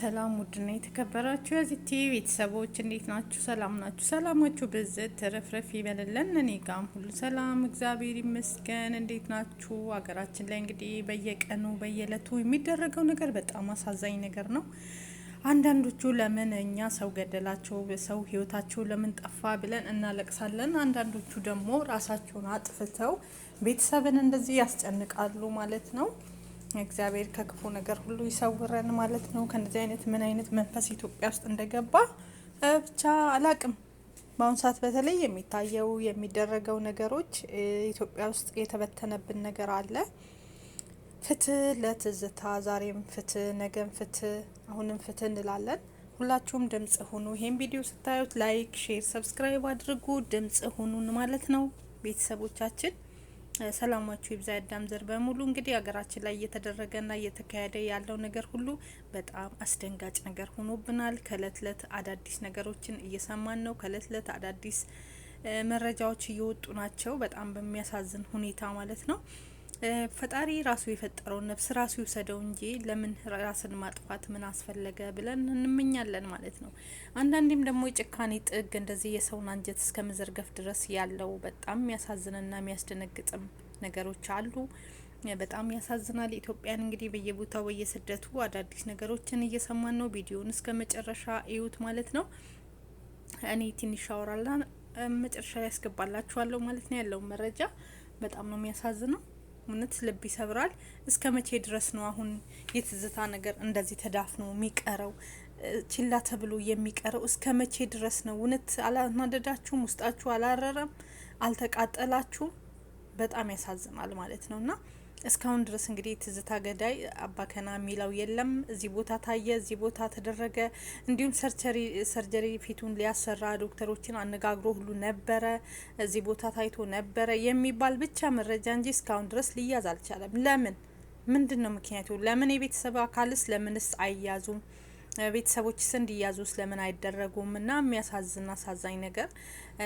ሰላም ውድና የተከበራችሁ የዚቲ ቤተሰቦች እንዴት ናችሁ? ሰላም ናችሁ? ሰላማችሁ ብዝት ትርፍርፍ ይበልልን። እኔ ጋም ሁሉ ሰላም እግዚአብሔር ይመስገን። እንዴት ናችሁ? ሀገራችን ላይ እንግዲህ በየቀኑ በየእለቱ የሚደረገው ነገር በጣም አሳዛኝ ነገር ነው። አንዳንዶቹ ለምን እኛ ሰው ገደላቸው፣ ሰው ህይወታቸው ለምን ጠፋ ብለን እናለቅሳለን። አንዳንዶቹ ደግሞ ራሳቸውን አጥፍተው ቤተሰብን እንደዚህ ያስጨንቃሉ ማለት ነው። እግዚአብሔር ከክፉ ነገር ሁሉ ይሰውረን ማለት ነው። ከነዚህ አይነት ምን አይነት መንፈስ ኢትዮጵያ ውስጥ እንደገባ ብቻ አላቅም። በአሁኑ ሰዓት በተለይ የሚታየው የሚደረገው ነገሮች ኢትዮጵያ ውስጥ የተበተነብን ነገር አለ። ፍትህ ለትዝታ ዛሬም ፍትህ፣ ነገም ፍትህ፣ አሁንም ፍትህ እንላለን። ሁላችሁም ድምጽ ሁኑ። ይሄን ቪዲዮ ስታዩት ላይክ፣ ሼር፣ ሰብስክራይብ አድርጉ። ድምጽ ሁኑን ማለት ነው ቤተሰቦቻችን ሰላማችሁ ይብዛ። ያዳም ዘር በሙሉ እንግዲህ ሀገራችን ላይ እየተደረገና እየተካሄደ ያለው ነገር ሁሉ በጣም አስደንጋጭ ነገር ሆኖብናል። ከእለት እለት አዳዲስ ነገሮችን እየሰማን ነው። ከእለት እለት አዳዲስ መረጃዎች እየወጡ ናቸው። በጣም በሚያሳዝን ሁኔታ ማለት ነው። ፈጣሪ ራሱ የፈጠረውን ነፍስ ራሱ ይውሰደው እንጂ ለምን ራስን ማጥፋት ምን አስፈለገ ብለን እንመኛለን ማለት ነው። አንዳንዴም ደግሞ የጭካኔ ጥግ እንደዚህ የሰውን አንጀት እስከ መዘርገፍ ድረስ ያለው በጣም የሚያሳዝንና የሚያስደነግጥም ነገሮች አሉ። በጣም ያሳዝናል። ኢትዮጵያን እንግዲህ በየቦታው በየስደቱ አዳዲስ ነገሮችን እየሰማን ነው። ቪዲዮውን እስከ መጨረሻ እዩት ማለት ነው። እኔ ትንሽ አወራላ መጨረሻ ላይ ያስገባላችኋለሁ ማለት ነው ያለውን መረጃ በጣም ነው የሚያሳዝነው። እውነት ልብ ይሰብራል። እስከ መቼ ድረስ ነው አሁን የትዝታ ነገር እንደዚህ ተዳፍኖ የሚቀረው ችላ ተብሎ የሚቀረው እስከ መቼ ድረስ ነው? እውነት አላናደዳችሁም? ውስጣችሁ አላረረም? አልተቃጠላችሁም? በጣም ያሳዝናል ማለት ነው እና እስካሁን ድረስ እንግዲህ ትዝታ ገዳይ አባከና የሚለው የለም። እዚህ ቦታ ታየ፣ እዚህ ቦታ ተደረገ፣ እንዲሁም ሰርጀሪ ፊቱን ሊያሰራ ዶክተሮችን አነጋግሮ ሁሉ ነበረ፣ እዚህ ቦታ ታይቶ ነበረ የሚባል ብቻ መረጃ እንጂ እስካሁን ድረስ ሊያዝ አልቻለም። ለምን? ምንድን ነው ምክንያቱ? ለምን የቤተሰብ አካልስ ለምንስ አይያዙም? ቤተሰቦች ስ እንዲያዙ ስለምን አይደረጉም? እና የሚያሳዝን አሳዛኝ ነገር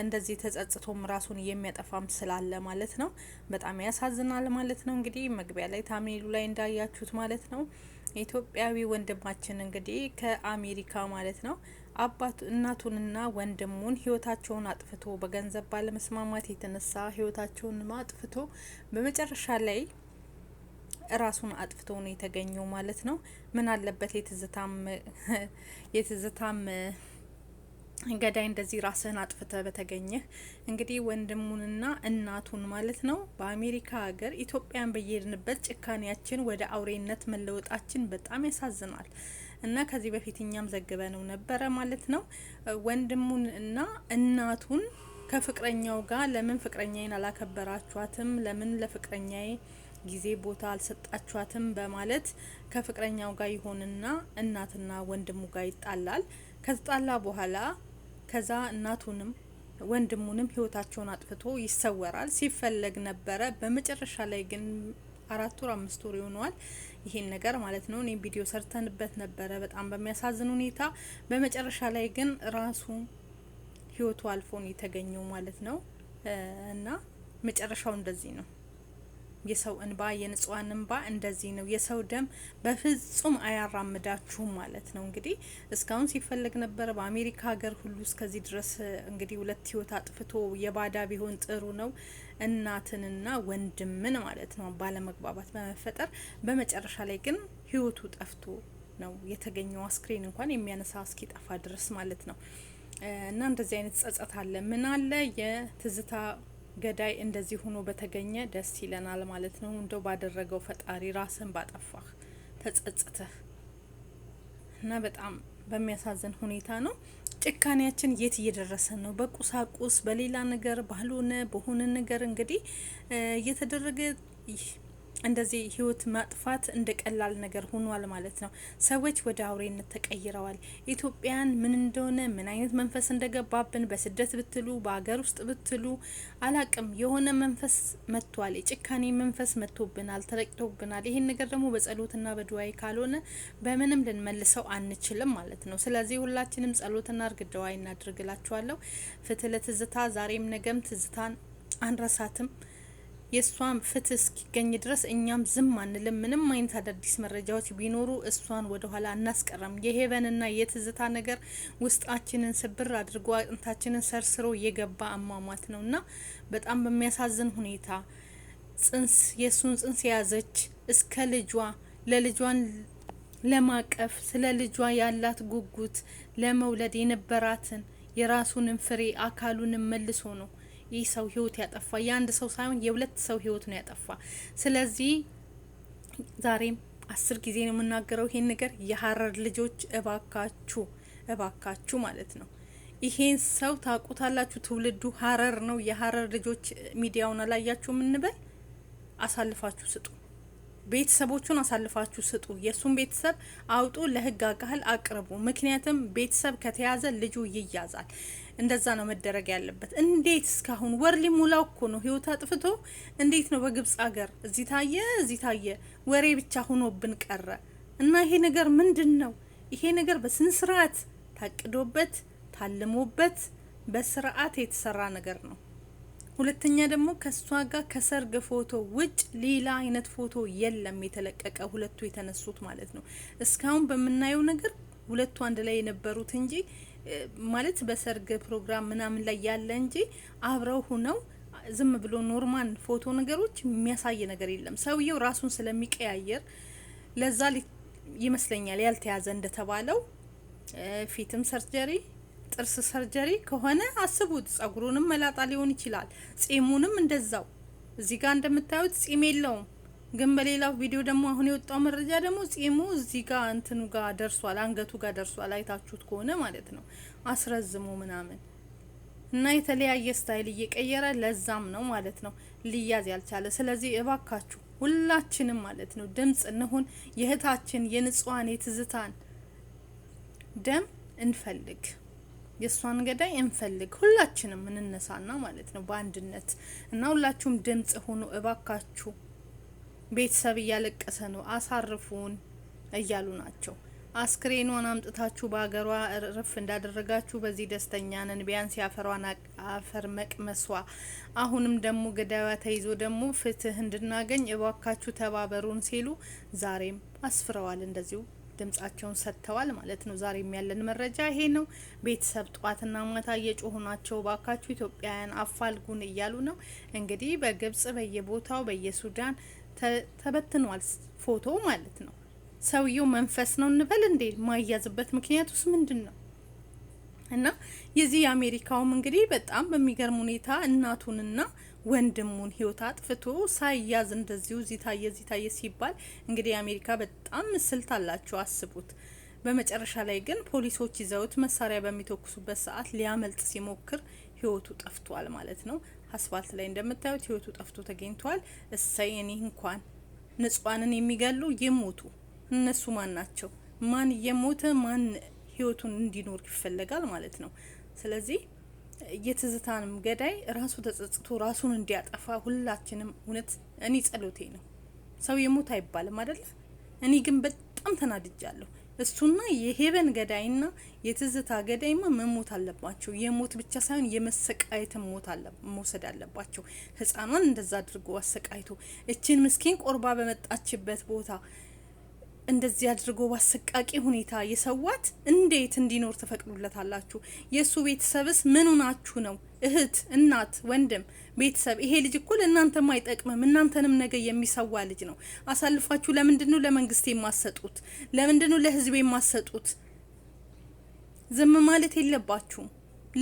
እንደዚህ ተጸጽቶም ራሱን የሚያጠፋም ስላለ ማለት ነው። በጣም ያሳዝናል ማለት ነው። እንግዲህ መግቢያ ላይ ታሜሉ ላይ እንዳያችሁት ማለት ነው ኢትዮጵያዊ ወንድማችን እንግዲህ ከአሜሪካ ማለት ነው አባቱ እናቱንና ወንድሙን ህይወታቸውን አጥፍቶ በገንዘብ ባለመስማማት የተነሳ ህይወታቸውን አጥፍቶ በመጨረሻ ላይ ራሱን አጥፍቶ ነው የተገኘው ማለት ነው። ምን አለበት የትዝታም ገዳይ እንደዚህ ራስህን አጥፍተ በተገኘ እንግዲህ ወንድሙንና እናቱን ማለት ነው በአሜሪካ ሀገር ኢትዮጵያን በየሄድንበት ጭካኔያችን ወደ አውሬነት መለወጣችን በጣም ያሳዝናል። እና ከዚህ በፊት እኛም ዘግበ ነው ነበረ ማለት ነው ወንድሙን እና እናቱን ከፍቅረኛው ጋር ለምን ፍቅረኛዬን አላከበራችኋትም? ለምን ለፍቅረኛዬ ጊዜ ቦታ አልሰጣችኋትም በማለት ከፍቅረኛው ጋር ይሆንና እናትና ወንድሙ ጋር ይጣላል። ከተጣላ በኋላ ከዛ እናቱንም ወንድሙንም ህይወታቸውን አጥፍቶ ይሰወራል። ሲፈለግ ነበረ። በመጨረሻ ላይ ግን አራት ወር አምስት ወር ይሆነዋል ይሄን ነገር ማለት ነው። እኔ ቪዲዮ ሰርተንበት ነበረ በጣም በሚያሳዝን ሁኔታ። በመጨረሻ ላይ ግን ራሱ ህይወቱ አልፎ ነው የተገኘው ማለት ነው እና መጨረሻው እንደዚህ ነው። የሰው እንባ የንጹሃን እንባ እንደዚህ ነው። የሰው ደም በፍጹም አያራምዳችሁም ማለት ነው። እንግዲህ እስካሁን ሲፈለግ ነበረ በአሜሪካ ሀገር ሁሉ እስከዚህ ድረስ እንግዲህ ሁለት ህይወት አጥፍቶ የባዳ ቢሆን ጥሩ ነው። እናትንና ወንድምን ማለት ነው ባለመግባባት በመፈጠር በመጨረሻ ላይ ግን ህይወቱ ጠፍቶ ነው የተገኘው። አስክሬን እንኳን የሚያነሳ እስኪጠፋ ድረስ ማለት ነው። እና እንደዚህ አይነት ጸጸት አለ ምን አለ የትዝታ ገዳይ እንደዚህ ሆኖ በተገኘ ደስ ይለናል ማለት ነው። እንደው ባደረገው ፈጣሪ ራስን ባጠፋህ ተጸጽተህ እና በጣም በሚያሳዝን ሁኔታ ነው። ጭካኔያችን የት እየደረሰ ነው? በቁሳቁስ በሌላ ነገር ባልሆነ በሆነ ነገር እንግዲህ እየተደረገ እንደዚህ ህይወት ማጥፋት እንደ ቀላል ነገር ሆኗል ማለት ነው። ሰዎች ወደ አውሬነት ተቀይረዋል። ኢትዮጵያን ምን እንደሆነ ምን አይነት መንፈስ እንደገባብን በስደት ብትሉ በሀገር ውስጥ ብትሉ አላቅም፣ የሆነ መንፈስ መጥቷል። የጭካኔ መንፈስ መጥቶብናል፣ ተረቅቶብናል። ይህን ነገር ደግሞ በጸሎትና በድዋይ ካልሆነ በምንም ልንመልሰው አንችልም ማለት ነው። ስለዚህ ሁላችንም ጸሎትና እርግድ ድዋይ እናድርግላችኋለሁ። ፍትህ ለትዝታ ዛሬም ነገም ትዝታን አንረሳትም። የእሷን ፍትህ እስኪገኝ ድረስ እኛም ዝም አንልም። ምንም አይነት አዳዲስ መረጃዎች ቢኖሩ እሷን ወደኋላ አናስቀረም። የሄቨንና የትዝታ ነገር ውስጣችንን ስብር አድርጎ አጥንታችንን ሰርስሮ የገባ አሟሟት ነው እና በጣም በሚያሳዝን ሁኔታ ጽንስ የእሱን ጽንስ የያዘች እስከ ልጇ ለልጇን ለማቀፍ ስለ ልጇ ያላት ጉጉት ለመውለድ የነበራትን የራሱንም ፍሬ አካሉንም መልሶ ነው ይህ ሰው ህይወት ያጠፋ የአንድ ሰው ሳይሆን የሁለት ሰው ህይወት ነው ያጠፋ። ስለዚህ ዛሬም አስር ጊዜ ነው የምናገረው ይሄን ነገር የሀረር ልጆች እባካችሁ እባካችሁ ማለት ነው ይሄን ሰው ታውቁታላችሁ። ትውልዱ ሀረር ነው። የሀረር ልጆች ሚዲያውን አላያችሁ የምንበል አሳልፋችሁ ስጡ። ቤተሰቦቹን አሳልፋችሁ ስጡ። የእሱን ቤተሰብ አውጡ፣ ለህግ አካል አቅርቡ። ምክንያትም ቤተሰብ ከተያዘ ልጁ ይያዛል። እንደዛ ነው መደረግ ያለበት። እንዴት እስካሁን ወር ሊሙላው እኮ ነው ህይወት አጥፍቶ፣ እንዴት ነው በግብጽ ሀገር እዚህ ታየ እዚህ ታየ ወሬ ብቻ ሆኖብን ቀረ። እና ይሄ ነገር ምንድን ነው? ይሄ ነገር በስነ ስርዓት ታቅዶበት ታልሞበት በስርዓት የተሰራ ነገር ነው። ሁለተኛ ደግሞ ከእሷ ጋር ከሰርግ ፎቶ ውጭ ሌላ አይነት ፎቶ የለም የተለቀቀ ሁለቱ የተነሱት ማለት ነው። እስካሁን በምናየው ነገር ሁለቱ አንድ ላይ የነበሩት እንጂ ማለት በሰርግ ፕሮግራም ምናምን ላይ ያለ እንጂ አብረው ሁነው ዝም ብሎ ኖርማል ፎቶ ነገሮች የሚያሳይ ነገር የለም። ሰውየው ራሱን ስለሚቀያየር ለዛ ይመስለኛል ያልተያዘ እንደተባለው ፊትም ሰርጀሪ ጥርስ ሰርጀሪ ከሆነ አስቡት። ጸጉሩንም መላጣ ሊሆን ይችላል። ጺሙንም እንደዛው። እዚህ ጋር እንደምታዩት ጺም የለውም። ግን በሌላው ቪዲዮ ደግሞ አሁን የወጣው መረጃ ደግሞ ጺሙ እዚህ ጋር እንትኑ ጋር ደርሷል፣ አንገቱ ጋር ደርሷል። አይታችሁት ከሆነ ማለት ነው አስረዝሙ ምናምን እና የተለያየ ስታይል እየቀየረ ለዛም ነው ማለት ነው ሊያዝ ያልቻለ። ስለዚህ እባካችሁ ሁላችንም ማለት ነው ድምጽ እንሁን፣ የእህታችን የንጹሃን የትዝታን ደም እንፈልግ። የእሷን ገዳይ እንፈልግ፣ ሁላችንም እንነሳና ማለት ነው በአንድነት እና ሁላችሁም ድምጽ ሁኑ እባካችሁ። ቤተሰብ እያለቀሰ ነው፣ አሳርፉን እያሉ ናቸው። አስክሬኗን አምጥታችሁ በሀገሯ እርፍ እንዳደረጋችሁ በዚህ ደስተኛ ነን። ቢያንስ የአፈሯን አፈር መቅመሷ። አሁንም ደግሞ ገዳዩዋ ተይዞ ደግሞ ፍትህ እንድናገኝ እባካችሁ ተባበሩን ሲሉ ዛሬም አስፍረዋል እንደዚሁ ድምጻቸውን ሰጥተዋል ማለት ነው። ዛሬ ያለን መረጃ ይሄ ነው። ቤተሰብ ጧትና ማታ እየጮሁ ናቸው። ባካችሁ ኢትዮጵያውያን አፋልጉን እያሉ ነው። እንግዲህ በግብጽ በየቦታው በየሱዳን ተበትኗል ፎቶ ማለት ነው። ሰውየው መንፈስ ነው እንበል እንዴ? ማያዝበት ምክንያት ውስጥ ምንድን ነው? እና የዚህ የአሜሪካውም እንግዲህ በጣም በሚገርም ሁኔታ እናቱንና ወንድሙን ህይወት አጥፍቶ ሳያዝ እንደዚሁ ዚታየ ዚታየ ሲባል እንግዲህ አሜሪካ በጣም ስልት አላቸው፣ አስቡት። በመጨረሻ ላይ ግን ፖሊሶች ይዘውት መሳሪያ በሚተኩሱበት ሰዓት ሊያመልጥ ሲሞክር ህይወቱ ጠፍቷል ማለት ነው። አስፋልት ላይ እንደምታዩት ህይወቱ ጠፍቶ ተገኝቷል። እሰይ እኔ እንኳን ንጹሃንን የሚገሉ ይሞቱ። እነሱ ማን ናቸው? ማን እየሞተ ማን ህይወቱን እንዲኖር ይፈለጋል ማለት ነው። ስለዚህ የትዝታንም ገዳይ ራሱ ተጸጽቶ ራሱን እንዲያጠፋ ሁላችንም እውነት እኔ ጸሎቴ ነው። ሰው የሞት አይባልም አደለ? እኔ ግን በጣም ተናድጃለሁ። እሱና የሄበን ገዳይና የትዝታ ገዳይማ መሞት አለባቸው። የሞት ብቻ ሳይሆን የመሰቃየትን ሞት መውሰድ አለባቸው። ህጻኗን እንደዛ አድርጎ አሰቃይቶ እችን ምስኪን ቆርባ በመጣችበት ቦታ እንደዚህ አድርጎ በአሰቃቂ ሁኔታ የሰዋት እንዴት እንዲኖር ትፈቅዱለታላችሁ? የእሱ ቤተሰብስ ምኑ ናችሁ ነው? እህት፣ እናት፣ ወንድም፣ ቤተሰብ። ይሄ ልጅ እኩል ለእናንተም አይጠቅምም፣ እናንተንም ነገ የሚሰዋ ልጅ ነው። አሳልፋችሁ ለምንድን ነው ለመንግስት የማሰጡት? ለምንድን ነው ለህዝብ የማሰጡት? ዝም ማለት የለባችሁም።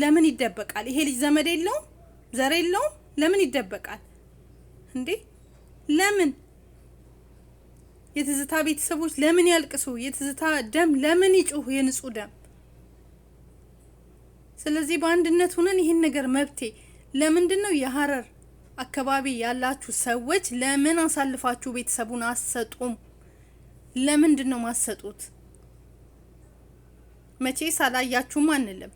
ለምን ይደበቃል? ይሄ ልጅ ዘመድ የለውም፣ ዘር የለውም። ለምን ይደበቃል እንዴ? ለምን የትዝታ ቤተሰቦች ለምን ያልቅሱ? የትዝታ ደም ለምን ይጩህ? የንጹህ ደም። ስለዚህ በአንድነት ሁነን ይህን ነገር መብቴ ለምንድን ነው የሀረር አካባቢ ያላችሁ ሰዎች ለምን አሳልፋችሁ ቤተሰቡን አሰጡም? ለምንድን ነው ማሰጡት? መቼ ሳላያችሁም አንልም።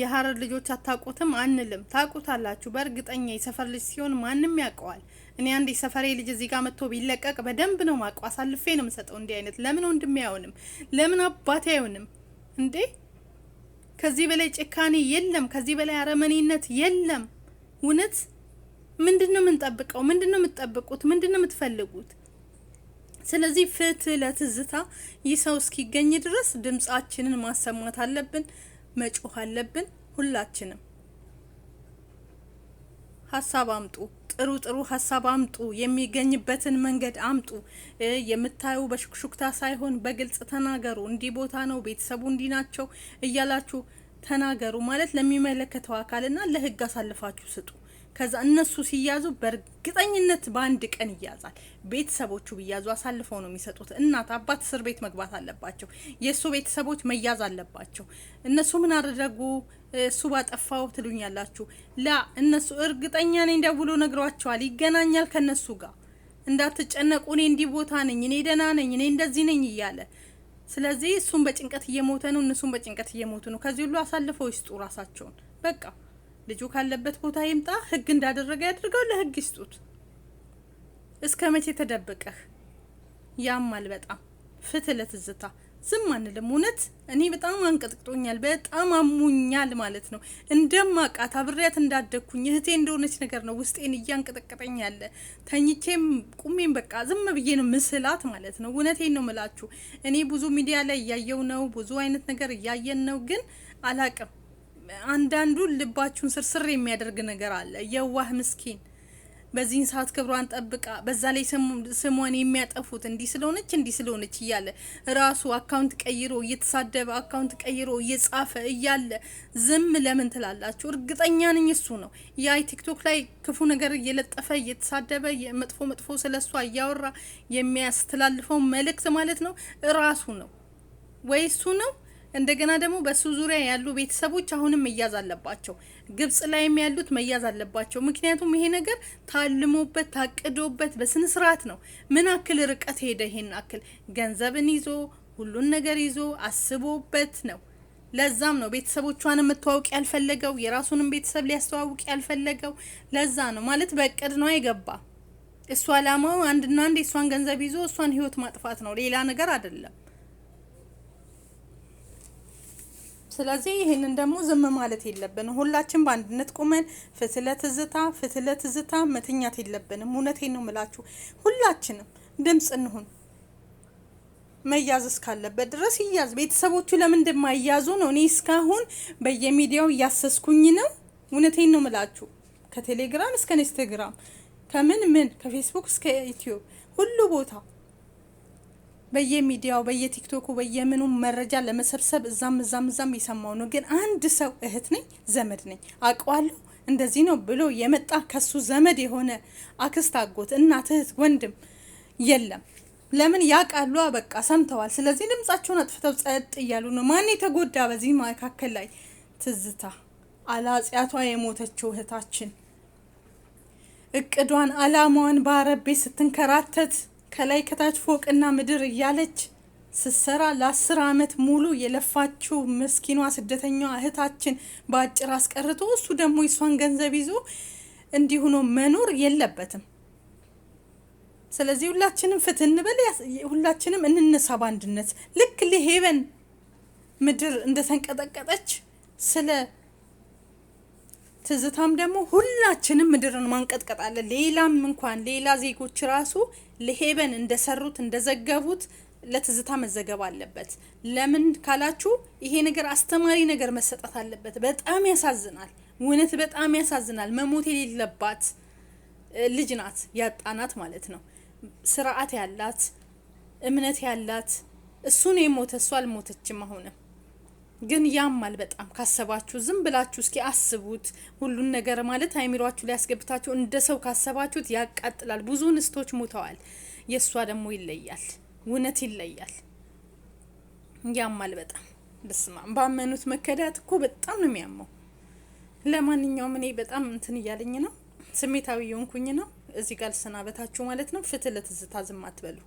የሀረር ልጆች አታውቁትም አንልም፣ ታውቁታላችሁ በእርግጠኛ የሰፈር ልጅ ሲሆን ማንም ያውቀዋል። እኔ አንድ የሰፈሬ ልጅ እዚህ ጋር መጥቶ ቢለቀቅ በደንብ ነው ማውቀው፣ አሳልፌ ነው የምሰጠው። እንዲህ አይነት ለምን ወንድሜ አይሆንም? ለምን አባቴ አይሆንም እንዴ? ከዚህ በላይ ጭካኔ የለም። ከዚህ በላይ አረመኔነት የለም። እውነት ምንድን ነው የምንጠብቀው? ምንድን ነው የምትጠብቁት? ምንድን ነው የምትፈልጉት? ስለዚህ ፍትህ ለትዝታ ይህ ሰው እስኪገኝ ድረስ ድምጻችንን ማሰማት አለብን። መጮህ አለብን ሁላችንም። ሀሳብ አምጡ፣ ጥሩ ጥሩ ሀሳብ አምጡ፣ የሚገኝበትን መንገድ አምጡ። የምታዩ በሽክሹክታ ሳይሆን በግልጽ ተናገሩ። እንዲህ ቦታ ነው፣ ቤተሰቡ እንዲህ ናቸው እያላችሁ ተናገሩ ማለት ለሚመለከተው አካልና ለህግ አሳልፋችሁ ስጡ። ከዛ እነሱ ሲያዙ በእርግጠኝነት በአንድ ቀን ይያዛል። ቤተሰቦቹ ቢያዙ አሳልፈው ነው የሚሰጡት። እናት አባት እስር ቤት መግባት አለባቸው። የእሱ ቤተሰቦች መያዝ አለባቸው። እነሱ ምን አደረጉ? እሱ ባጠፋው ትሉኛላችሁ። ላ እነሱ እርግጠኛ ነኝ ደውሎ ነግሯቸዋል። ይገናኛል ከእነሱ ጋር እንዳትጨነቁ፣ እኔ እንዲህ ቦታ ነኝ፣ እኔ ደህና ነኝ፣ እኔ እንደዚህ ነኝ እያለ ስለዚህ እሱን በጭንቀት እየሞተ ነው፣ እነሱን በጭንቀት እየሞቱ ነው። ከዚህ ሁሉ አሳልፈው ይስጡ ራሳቸውን በቃ ልጁ ካለበት ቦታ ይምጣ። ህግ እንዳደረገ ያድርገው፣ ለህግ ይስጡት። እስከ መቼ ተደብቀህ? ያማል በጣም ፍትህ ለትዝታ ዝም አንልም። እውነት እኔ በጣም አንቀጥቅጦኛል፣ በጣም አሙኛል ማለት ነው። እንደማቃት አብሬያት እንዳደግኩኝ እህቴ እንደሆነች ነገር ነው ውስጤን እያንቀጠቀጠኝ ያለ። ተኝቼም ቁሜም በቃ ዝም ብዬ ነው ምስላት ማለት ነው። እውነቴን ነው ምላችሁ። እኔ ብዙ ሚዲያ ላይ እያየው ነው፣ ብዙ አይነት ነገር እያየን ነው፣ ግን አላቅም አንዳንዱ ልባችሁን ስርስር የሚያደርግ ነገር አለ። የዋህ ምስኪን በዚህን ሰዓት ክብሯን ጠብቃ በዛ ላይ ስሟን የሚያጠፉት እንዲህ ስለሆነች እንዲህ ስለሆነች እያለ ራሱ አካውንት ቀይሮ እየተሳደበ አካውንት ቀይሮ እየጻፈ እያለ ዝም ለምን ትላላችሁ? እርግጠኛ ነኝ እሱ ነው ያ ቲክቶክ ላይ ክፉ ነገር እየለጠፈ እየተሳደበ መጥፎ መጥፎ ስለ እሷ እያወራ የሚያስተላልፈው መልእክት ማለት ነው። ራሱ ነው ወይ እሱ ነው እንደገና ደግሞ በሱ ዙሪያ ያሉ ቤተሰቦች አሁንም መያዝ አለባቸው። ግብጽ ላይም ያሉት መያዝ አለባቸው። ምክንያቱም ይሄ ነገር ታልሞበት ታቅዶበት በስነ ስርዓት ነው። ምን አክል ርቀት ሄደ? ይሄን አክል ገንዘብን ይዞ ሁሉን ነገር ይዞ አስቦበት ነው። ለዛም ነው ቤተሰቦቿን የምትዋውቅ ያልፈለገው፣ የራሱንም ቤተሰብ ሊያስተዋውቅ ያልፈለገው። ለዛ ነው ማለት በእቅድ ነው የገባ። እሱ አላማው አንድና አንድ የእሷን ገንዘብ ይዞ እሷን ህይወት ማጥፋት ነው፣ ሌላ ነገር አይደለም። ስለዚህ ይህንን ደግሞ ዝም ማለት የለብንም። ሁላችን በአንድነት ቁመን ፍትህ ለትዝታ ፍትህ ለትዝታ መተኛት የለብንም። እውነቴን ነው ምላችሁ፣ ሁላችንም ድምፅ እንሁን። መያዝ እስካለበት ድረስ ይያዝ። ቤተሰቦቹ ለምን እንደማይያዙ ነው እኔ እስካሁን በየሚዲያው እያሰስኩኝ ነው። እውነቴን ነው ምላችሁ ከቴሌግራም እስከ ኢንስታግራም ከምን ምን ከፌስቡክ እስከ ዩቲዩብ ሁሉ ቦታ በየሚዲያው በየቲክቶኩ በየምኑ መረጃ ለመሰብሰብ እዛም እዛም እዛም የሰማው ነው። ግን አንድ ሰው እህት ነኝ ዘመድ ነኝ አውቀዋለሁ እንደዚህ ነው ብሎ የመጣ ከሱ ዘመድ የሆነ አክስት፣ አጎት፣ እናት፣ እህት፣ ወንድም የለም። ለምን ያውቃሉ? በቃ ሰምተዋል። ስለዚህ ድምጻቸውን አጥፍተው ጸጥ እያሉ ነው። ማን የተጎዳ በዚህ መካከል ላይ ትዝታ አላጽያቷ የሞተችው እህታችን እቅዷን አላማዋን ባረቤ ስትንከራተት ከላይ ከታች ፎቅና ምድር እያለች ስትሰራ ለአስር አመት ሙሉ የለፋችው ምስኪኗ ስደተኛዋ እህታችን በአጭር አስቀርቶ እሱ ደግሞ የሷን ገንዘብ ይዞ እንዲሁኖ መኖር የለበትም። ስለዚህ ሁላችንም ፍትህ እንበል፣ ሁላችንም እንነሳ በአንድነት ልክ ለሄቨን ምድር እንደተንቀጠቀጠች ስለ ትዝታም ደግሞ ሁላችንም ምድርን ማንቀጥቀጥ አለ። ሌላም እንኳን ሌላ ዜጎች ራሱ ለሄበን እንደሰሩት እንደዘገቡት ለትዝታ መዘገብ አለበት። ለምን ካላችሁ ይሄ ነገር አስተማሪ ነገር መሰጠት አለበት። በጣም ያሳዝናል፣ እውነት በጣም ያሳዝናል። መሞት የሌለባት ልጅ ናት ያጣናት ማለት ነው። ስርዓት ያላት እምነት ያላት እሱን የሞተ፣ እሷ አልሞተችም አሁንም ግን ያማል በጣም ካሰባችሁ። ዝም ብላችሁ እስኪ አስቡት ሁሉን ነገር ማለት አይምሯችሁ ላይ ያስገብታችሁ እንደ ሰው ካሰባችሁት ያቃጥላል። ብዙ ንስቶች ሞተዋል። የእሷ ደግሞ ይለያል፣ እውነት ይለያል። ያማል በጣም ብስማ ባመኑት መከዳት እኮ በጣም ነው የሚያመው። ለማንኛውም እኔ በጣም እንትን እያለኝ ነው፣ ስሜታዊ የሆንኩኝ ነው። እዚህ ጋር ልሰናበታችሁ ማለት ነው። ፍትህ ለትዝታ ዝም አትበሉ።